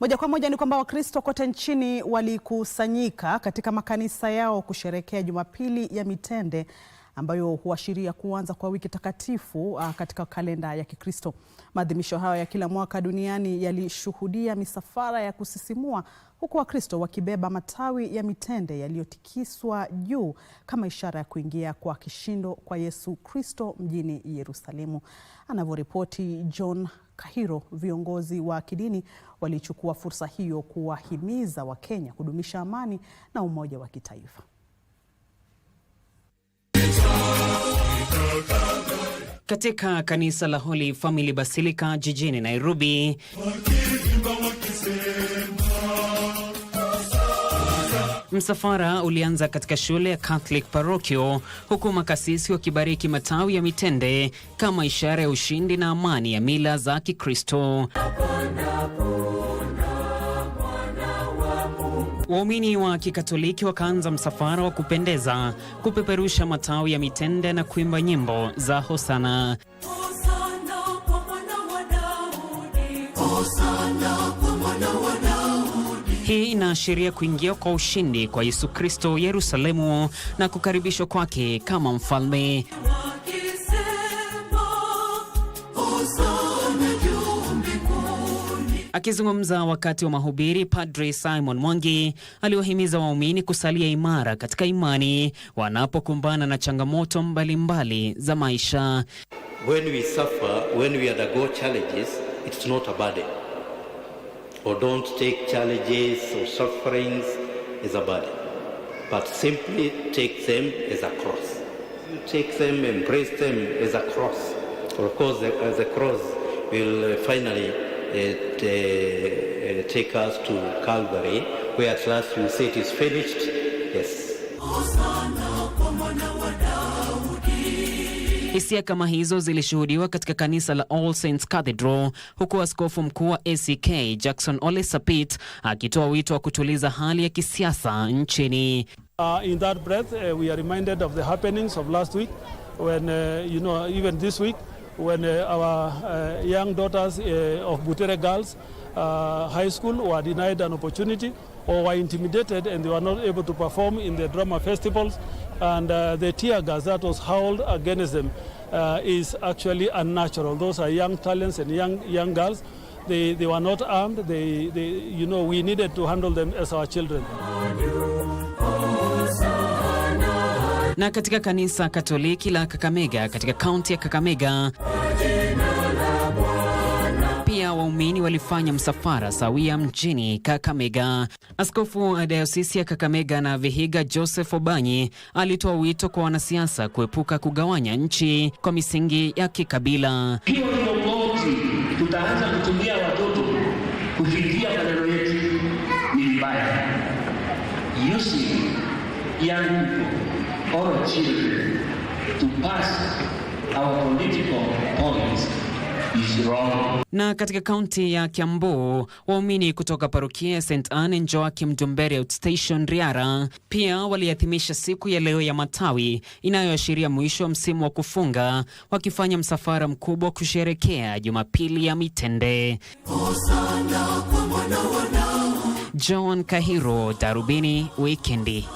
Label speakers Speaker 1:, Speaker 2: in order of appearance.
Speaker 1: Moja kwa moja ni kwamba Wakristo kote nchini walikusanyika katika makanisa yao kusherekea Jumapili ya Mitende ambayo huashiria kuanza kwa wiki takatifu ah, katika kalenda ya Kikristo. Maadhimisho hayo ya kila mwaka duniani yalishuhudia misafara ya kusisimua huku Wakristo wakibeba matawi ya mitende yaliyotikiswa juu kama ishara ya kuingia kwa kishindo kwa Yesu Kristo mjini Yerusalemu. Anavyoripoti John Kahiro, viongozi wa kidini walichukua fursa hiyo kuwahimiza Wakenya kudumisha amani na umoja wa kitaifa.
Speaker 2: Katika kanisa la Holy Family Basilica jijini Nairobi Msafara ulianza katika shule ya Catholic Parokia huku makasisi wakibariki matawi ya mitende kama ishara ya ushindi na amani ya mila za Kikristo. Waumini wa Kikatoliki wakaanza msafara wa kupendeza kupeperusha matawi ya mitende na kuimba nyimbo za hosana. Hosana kwa mwana wa Daudi, hosana kwa mwana wa Daudi. Hii inaashiria kuingia kwa ushindi kwa Yesu Kristo Yerusalemu na kukaribishwa kwake kama mfalme. Akizungumza wakati wa mahubiri, Padre Simon Mwangi aliwahimiza waumini kusalia imara katika imani wanapokumbana na changamoto mbalimbali mbali za maisha.
Speaker 3: When we suffer, when we undergo challenges, it's not a burden. or don't take challenges or sufferings as a burden, but simply take them as a cross. You take them, embrace them as a cross. Of course, the, a uh, the cross will uh, finally uh, uh, take us to Calvary, where at last we say it is finished. Yes.
Speaker 2: Hisia kama hizo zilishuhudiwa katika kanisa la All Saints Cathedral, huku askofu mkuu wa ACK Jackson Ole Sapit akitoa wito wa kutuliza hali ya kisiasa nchini.
Speaker 4: Uh, in that breath, uh, we are reminded of the happenings of last week when, uh, you know, even this week when uh, our uh, young daughters uh, of Butere girls uh, high school were denied an opportunity or were intimidated and they were not able to perform in the drama festivals and uh, the tear gas that was howled against them uh, is actually unnatural. Those are young talents and young, young girls. They, they were not armed. They, they, you know, we needed to handle them as our children.
Speaker 2: Na katika kanisa Katoliki la Kakamega katika kaunti ya Kakamega waumini walifanya msafara sawia mjini Kakamega. Askofu wa dayosisi ya Kakamega na Vihiga Joseph Obanyi alitoa wito kwa wanasiasa kuepuka kugawanya nchi kwa misingi ya kikabila.
Speaker 5: Hiyo tutaanza kutumia watoto kufikia maneno yetu ni mbaya or children to pass our political
Speaker 2: na katika kaunti ya Kiambu, waumini kutoka parokia St Anne Njoaki Mdumberi Outstation Riara pia waliadhimisha siku ya leo ya matawi inayoashiria mwisho wa msimu wa kufunga, wakifanya msafara mkubwa kusherekea Jumapili ya Mitende. John Kahiro, Darubini Wikendi.